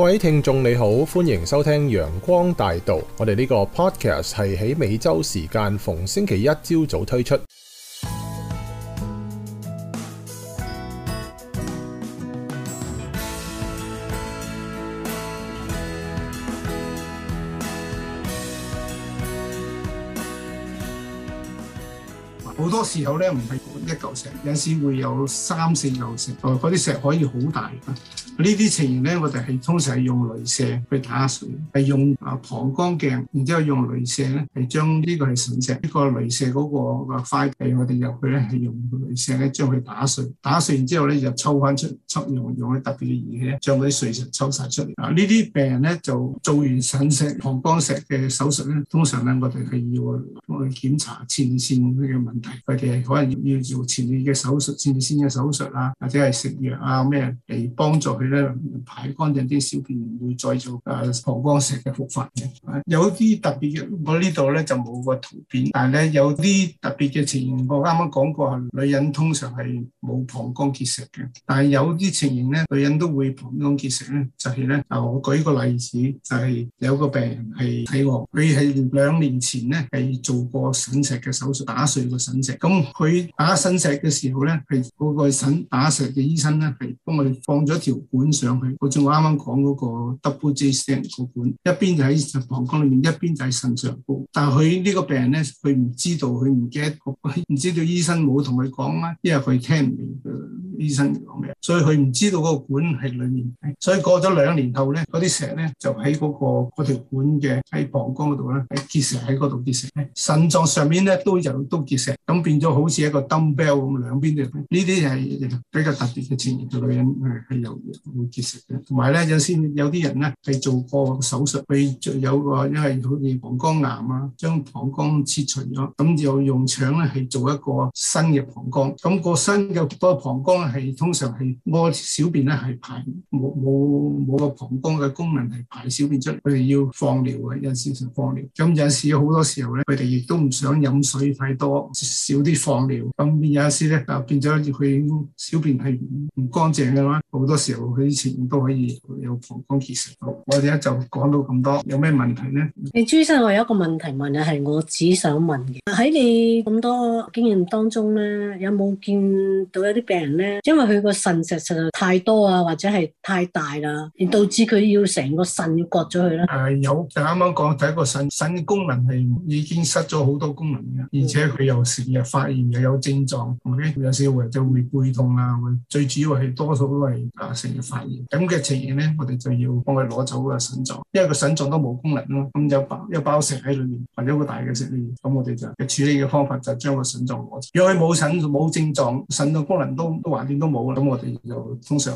各位聽眾你好，歡迎收聽陽光大道。我哋呢個 podcast 係喺美洲時間逢星期一朝早推出。好多時候咧，唔係一嚿石，有時會有三四嚿石，哦，嗰啲石可以好大。呢啲情形咧，我哋係通常係用雷射去打碎，係用啊膀胱鏡，然之後用雷射咧係將呢將個係腎石，呢、這個雷射嗰個個快器，我哋入去咧係用雷射咧將佢打碎，打碎完之後咧就抽翻出，測用用啲特別嘅儀器咧將嗰啲碎石抽晒出嚟。啊，呢啲病人咧就做完腎石、膀胱石嘅手術咧，通常咧我哋係要去佢檢查前列腺嘅問題，佢哋係可能要要前列腺嘅手術、前列腺嘅手術啊，或者係食藥啊咩嚟幫助佢。排乾淨啲小便，會再做誒膀胱石嘅復發嘅。有啲特別嘅，我呢度咧就冇個圖片，但係咧有啲特別嘅情形，我啱啱講過，女人通常係冇膀胱結石嘅，但係有啲情形咧，女人都會膀胱結石咧，就係、是、咧，嗱我舉個例子，就係、是、有個病人係睇我，佢係兩年前咧係做過腎石嘅手術，打碎個腎石，咁佢打腎石嘅時候咧，係嗰個腎打石嘅醫生咧係幫佢放咗條管上去，好似我啱啱講嗰個 double J stent 個管，一邊就喺膀胱裏面，一邊就係腎上部，但係佢呢個病人咧，佢唔知道，佢唔記得，唔知道醫生冇同佢講啊，因為佢聽唔明醫生講咩，所以佢唔知道嗰個管係裡面，所以過咗兩年後咧，嗰啲石咧就喺嗰個嗰條管嘅喺膀胱嗰度咧喺結石喺嗰度結石，腎臟上面咧都有都結石，咁變咗好似一個 dumbbell 咁兩邊嘅。呢啲係比較特別嘅情況，個女人係係有會結石嘅，同埋咧有時有啲人咧係做過手術，佢有。因為好似膀胱癌啊，將膀胱切除咗，咁就用腸咧係做一個新嘅膀胱，咁個新嘅多膀胱係通常係屙小便咧係排冇冇冇個膀胱嘅功能係排小便出嚟，佢哋要放尿嘅，有時就放尿。咁有時好多時候咧，佢哋亦都唔想飲水太多，少啲放尿，咁有陣時咧就變咗佢小便係唔乾淨嘅啦。好多時候佢以前都可以有膀胱結石。我哋呢就講到咁多，有咩問題？你朱生，我有一個問題問你，係我只想問嘅。喺你咁多經驗當中咧，有冇見到一啲病人咧，因為佢個腎石實在太多啊，或者係太大啦，而導致佢要成個腎要割咗佢咧？誒、嗯，有，就啱啱講第一個腎，腎嘅功能係已經失咗好多功能嘅，而且佢又成日發炎又有症狀，OK？有時會就會背痛啊，最主要係多數都係誒成日發炎，咁嘅情形咧，我哋就要幫佢攞走個腎臟，因為個腎臟都冇功能。咁有、嗯、包石喺裏面，或者一個大嘅石裡面。咁我哋就嘅處理嘅方法就將個腎臟攞走。若佢冇腎冇症狀，腎嘅功能都都橫掂都冇啦。咁我哋就通常。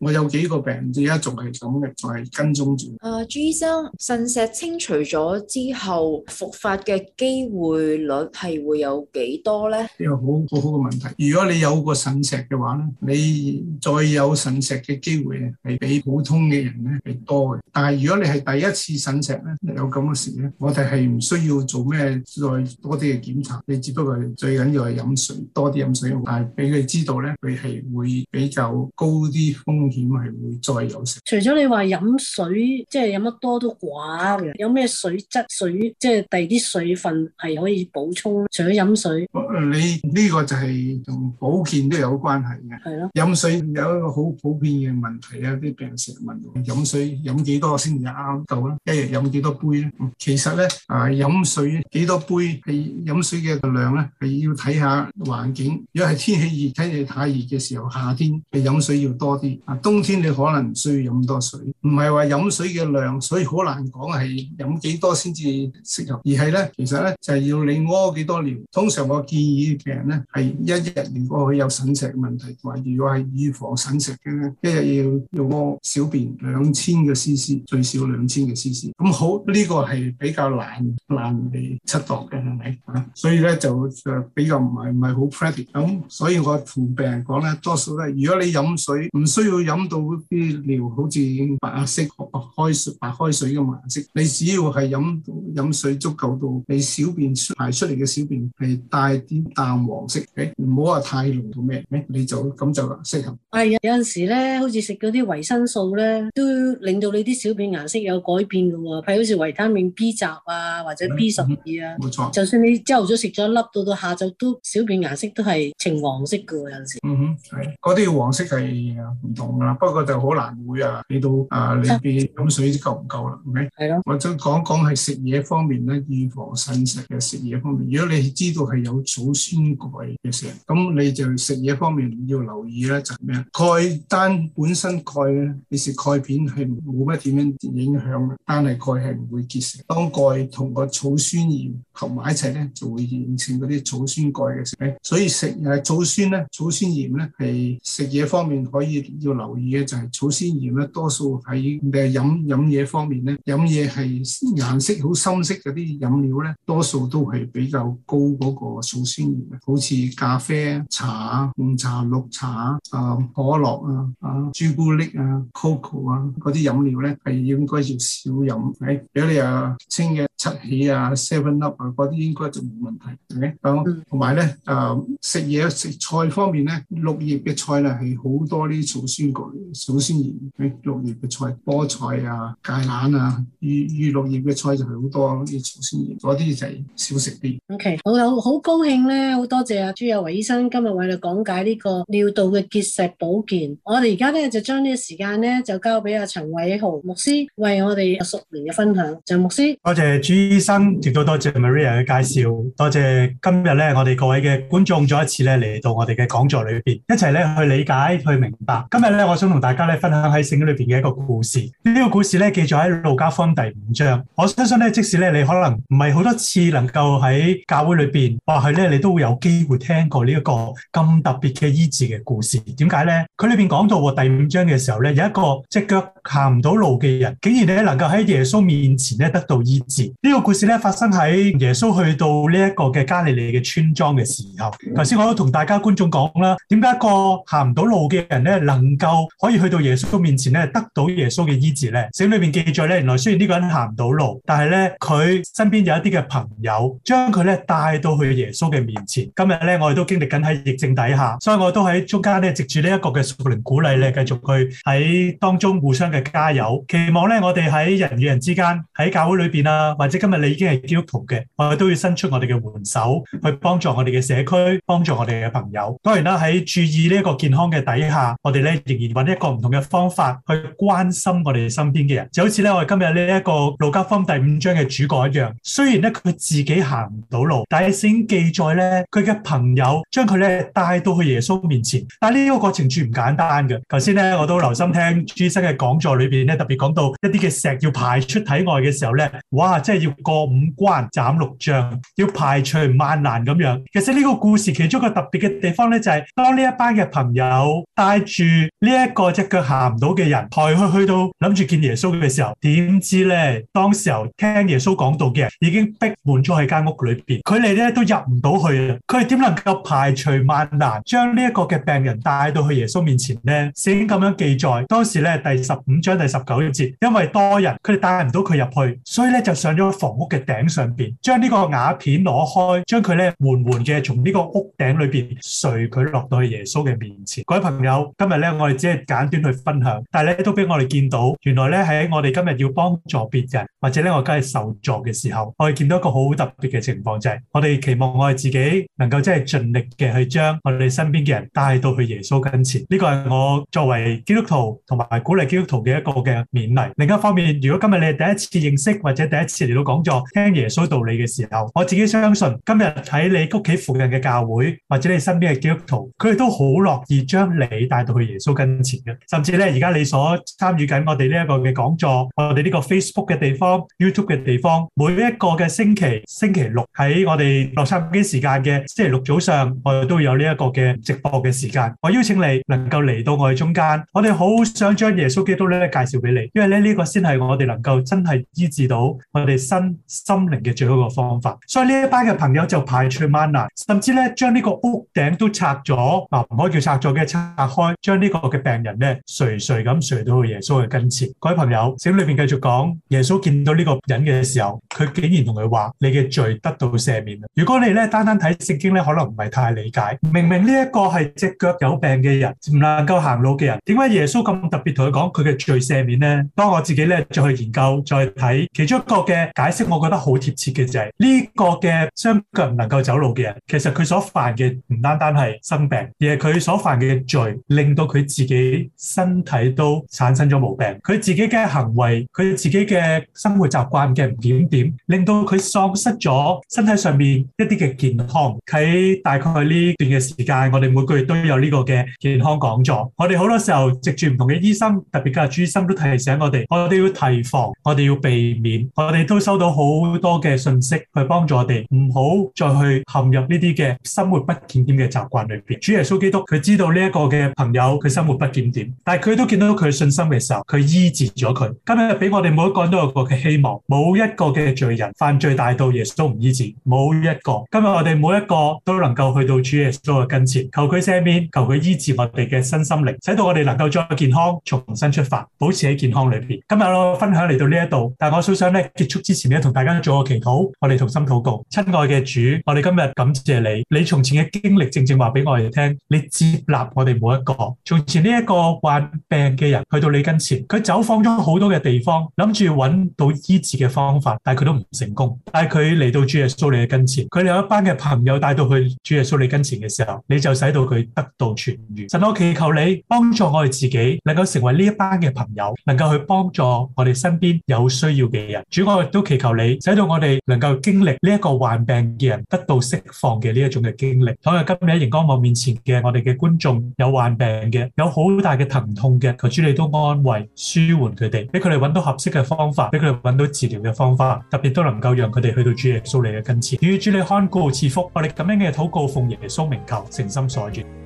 我有幾個病人，而家仲係咁嘅，仲係跟蹤住。啊、呃，朱醫生，腎石清除咗之後，復發嘅機會率係會有幾多咧？呢個好好好嘅問題。如果你有個腎石嘅話咧，你再有腎石嘅機會係比普通嘅人咧係多嘅。但係如果你係第一次腎石咧，有咁嘅事咧，我哋係唔需要做咩再多啲嘅檢查。你只不過最緊要係飲水，多啲飲水，但係俾佢知道咧，佢係會比較高啲。風險係會再有食。除咗你話飲水，即係飲得多都寡嘅，有咩水質水，即係第二啲水分係可以補充。除咗飲水，你呢個就係同保健都有關係嘅。係咯，飲水有一個好普遍嘅問題啊，啲病人成日問飲水飲幾多先至啱夠咧，一日飲幾多杯咧？其實咧，啊、呃、飲水幾多杯係飲水嘅量咧，係要睇下環境。如果係天氣熱，天氣太熱嘅時候，夏天係飲水要多啲。啊，冬天你可能唔需要飲咁多水，唔係話飲水嘅量，水好難講係飲幾多先至適合，而係咧，其實咧就係、是、要你屙幾多尿。通常我建議病人咧係一日，如果佢有腎石問題，同埋如果係預防腎石嘅咧，一日要要屙小便兩千嘅 cc，最少兩千嘅 cc。咁好呢、這個係比較難難嚟測度嘅，係咪啊？所以咧就就比較唔係唔係好 predict。咁所以我同病人講咧，多數咧，如果你飲水唔需，要飲到啲尿好似已經白色開水、白開水咁顏色。你只要係飲飲水足夠到，你小便排出嚟嘅小便係帶啲淡黃色，哎，唔好話太濃到咩咩，你就咁就適合。係啊，有陣時咧，好似食嗰啲維生素咧，都令到你啲小便顏色有改變嘅喎。譬如好似維他命 B 雜啊，或者 B 十二啊，冇錯。就算你朝頭早食咗一粒，到到下晝都小便顏色都係橙黃色嘅喎，有陣時。嗯哼，係嗰啲黃色係。同啦，不過就好難。啊，睇到啊，你啲飲水夠唔夠啦？係咪的？係咯。或者講講係食嘢方面咧，預防腎石嘅食嘢方面。如果你知道係有草酸鈣嘅時候，咁你就食嘢方面要留意咧，就係咩？鈣單本身鈣咧，你食鈣片係冇乜點樣影響，單係鈣係唔會結成。當鈣同個草酸鹽合埋一齊咧，就會形成嗰啲草酸鈣嘅石。所以食誒草酸咧，草酸鹽咧係食嘢方面可以要留意嘅就係草酸鹽。多數喺你飲飲嘢方面咧，飲嘢係顏色好深色嗰啲飲料咧，多數都係比較高嗰個草酸鹽，好似咖啡、茶、紅茶、綠茶啊、嗯、可樂啊、啊朱古力啊、Coco 啊嗰啲飲料咧，係應該要少飲。誒、哎，比如果你啊清嘅七喜啊、Seven Up 啊嗰啲應該就冇問題。咁同埋咧誒，食嘢食菜方面咧，綠葉嘅菜咧係好多啲草酸鉀、草酸鹽。綠葉嘅菜，菠菜啊、芥蘭啊，與與綠葉嘅菜就係、okay, 好多啲新鮮嘢，嗰啲就係少食啲。OK，我好好高興咧，好多謝阿朱有為醫生今日為我哋講解呢個尿道嘅結石保健。我哋而家咧就將呢個時間咧就交俾阿陳偉豪牧師為我哋熟年嘅分享。陳牧師，多謝朱醫生，亦都多謝 Maria 嘅介紹，多謝今日咧我哋各位嘅觀眾再一次咧嚟到我哋嘅講座裏邊，一齊咧去理解去明白。今日咧我想同大家咧分享。聖經裏邊嘅一個故事，呢、這個故事咧記載喺路加福音第五章。我相信咧，即使咧你可能唔係好多次能夠喺教會裏邊，或係咧你都會有機會聽過呢一個咁特別嘅醫治嘅故事。點解咧？佢裏邊講到喎，第五章嘅時候咧，有一個隻腳行唔到路嘅人，竟然咧能夠喺耶穌面前咧得到醫治。呢、這個故事咧發生喺耶穌去到呢一個嘅加利利嘅村莊嘅時候。頭先、嗯、我都同大家觀眾講啦，點解個行唔到路嘅人咧能夠可以去到耶穌面前？面前咧得到耶穌嘅醫治咧，聖經裏邊記載咧，原來雖然呢個人行唔到路，但係咧佢身邊有一啲嘅朋友，將佢咧帶到去耶穌嘅面前。今日咧我哋都經歷緊喺疫症底下，所以我都喺中間咧藉住呢一個嘅屬靈鼓勵咧，繼續去喺當中互相嘅加油。期望咧我哋喺人與人之間，喺教會裏邊啦、啊，或者今日你已經係基督徒嘅，我哋都要伸出我哋嘅援手去幫助我哋嘅社區，幫助我哋嘅朋友。當然啦，喺注意呢一個健康嘅底下，我哋咧仍然揾一個唔同嘅方法去關心我哋身邊嘅人，就好似咧我哋今日呢一個路加福音第五章嘅主角一樣。雖然咧佢自己行唔到路，但係先記載咧，佢嘅朋友將佢咧帶到去耶穌面前。但係呢個過程絕唔簡單嘅。頭先咧我都留心聽朱醫生嘅講座裏邊咧，特別講到一啲嘅石要排出體外嘅時候咧，哇，真係要過五關斬六將，要排除萬難咁樣。其實呢個故事其中一個特別嘅地方咧，就是，就係當呢一班嘅朋友帶住呢一個隻腳行唔到。到嘅人，抬佢去到諗住見耶穌嘅時候，點知咧？當時候聽耶穌講道嘅人已經逼滿咗喺間屋裏邊，佢哋咧都入唔到去啊！佢哋點能夠排除萬難，將呢一個嘅病人帶到去耶穌面前咧？聖經咁樣記載，當時咧第十五章第十九節，因為多人，佢哋帶唔到佢入去，所以咧就上咗房屋嘅頂上邊，將呢個瓦片攞開，將佢咧緩緩嘅從呢個屋頂裏邊垂佢落到去耶穌嘅面前。各位朋友，今日咧我哋只係簡短去分享。但係咧，都俾我哋見到，原來咧喺我哋今日要幫助別人，或者咧我今日受助嘅時候，我哋見到一個好特別嘅情況，就係我哋期望我哋自己能夠即係盡力嘅去將我哋身邊嘅人帶到去耶穌跟前。呢個係我作為基督徒同埋鼓勵基督徒嘅一個嘅勉勵。另一方面，如果今日你係第一次認識或者第一次嚟到講座聽耶穌道理嘅時候，我自己相信今日喺你屋企附近嘅教會或者你身邊嘅基督徒，佢哋都好樂意將你帶到去耶穌跟前嘅，甚至咧而家。而家你所參與緊我哋呢一個嘅講座，我哋呢個 Facebook 嘅地方、YouTube 嘅地方，每一個嘅星期星期六喺我哋洛杉磯時間嘅星期六早上，我哋都會有呢一個嘅直播嘅時間。我邀請你能夠嚟到我哋中間，我哋好想將耶穌基督咧介紹俾你，因為咧呢個先係我哋能夠真係醫治到我哋身心靈嘅最好一個方法。所以呢一班嘅朋友就排除萬難，甚至咧將呢個屋頂都拆咗，嗱，唔可以叫拆咗嘅，拆開，將呢個嘅病人咧睡上。罪咁垂到去耶穌嘅跟前，各位朋友，聖經裏邊繼續講，耶穌見到呢個人嘅時候，佢竟然同佢話：你嘅罪得到赦免啦！如果你咧單單睇聖經咧，可能唔係太理解。明明呢一個係隻腳有病嘅人，唔能夠行路嘅人，點解耶穌咁特別同佢講佢嘅罪赦免咧？當我自己咧再去研究，再睇其中一個嘅解釋，我覺得好貼切嘅就係呢個嘅雙腳唔能夠走路嘅人，其實佢所犯嘅唔單單係生病，而係佢所犯嘅罪令到佢自己身體，都產生咗毛病，佢自己嘅行為，佢自己嘅生活習慣嘅唔檢點，令到佢喪失咗身體上面一啲嘅健康。喺大概呢段嘅時間，我哋每個月都有呢個嘅健康講座。我哋好多時候藉住唔同嘅醫生，特別嘅朱醫生都提醒我哋，我哋要提防，我哋要避免。我哋都收到好多嘅信息去幫助我哋，唔好再去陷入呢啲嘅生活不檢點嘅習慣裏邊。主耶穌基督佢知道呢一個嘅朋友佢生活不檢點，但係佢都。見到佢信心嘅時候，佢醫治咗佢。今日俾我哋每一個人都有個嘅希望，冇一個嘅罪人犯罪大到耶穌都唔醫治，冇一個。今日我哋每一個都能夠去到主耶穌嘅跟前，求佢赦免，求佢醫治我哋嘅身心靈，使到我哋能夠再健康，重新出發，保持喺健康裏邊。今日我嘅分享嚟到呢一度，但係我最想咧結束之前咧，同大家做一個祈禱，我哋同心禱告。親愛嘅主，我哋今日感謝你，你從前嘅經歷正正話俾我哋聽，你接納我哋每一個從前呢一個患病。病嘅人去到你跟前，佢走訪咗好多嘅地方，諗住揾到醫治嘅方法，但係佢都唔成功。但係佢嚟到主耶穌你嘅跟前，佢哋有一班嘅朋友帶到去主耶穌你跟前嘅時候，你就使到佢得到痊愈。神，我祈求你幫助我哋自己，能夠成為呢一班嘅朋友，能夠去幫助我哋身邊有需要嘅人。主，我亦都祈求你使到我哋能夠經歷呢一個患病嘅人得到釋放嘅呢一種嘅經歷。睇下今日喺熒光幕面前嘅我哋嘅觀眾，有患病嘅，有好大嘅疼痛嘅。求主你都安慰、舒緩佢哋，俾佢哋揾到合適嘅方法，俾佢哋揾到治療嘅方法，特別都能夠讓佢哋去到主耶穌嚟嘅跟前，與主你看顧賜福，我哋咁樣嘅禱告奉迎耶穌名求，誠心所願。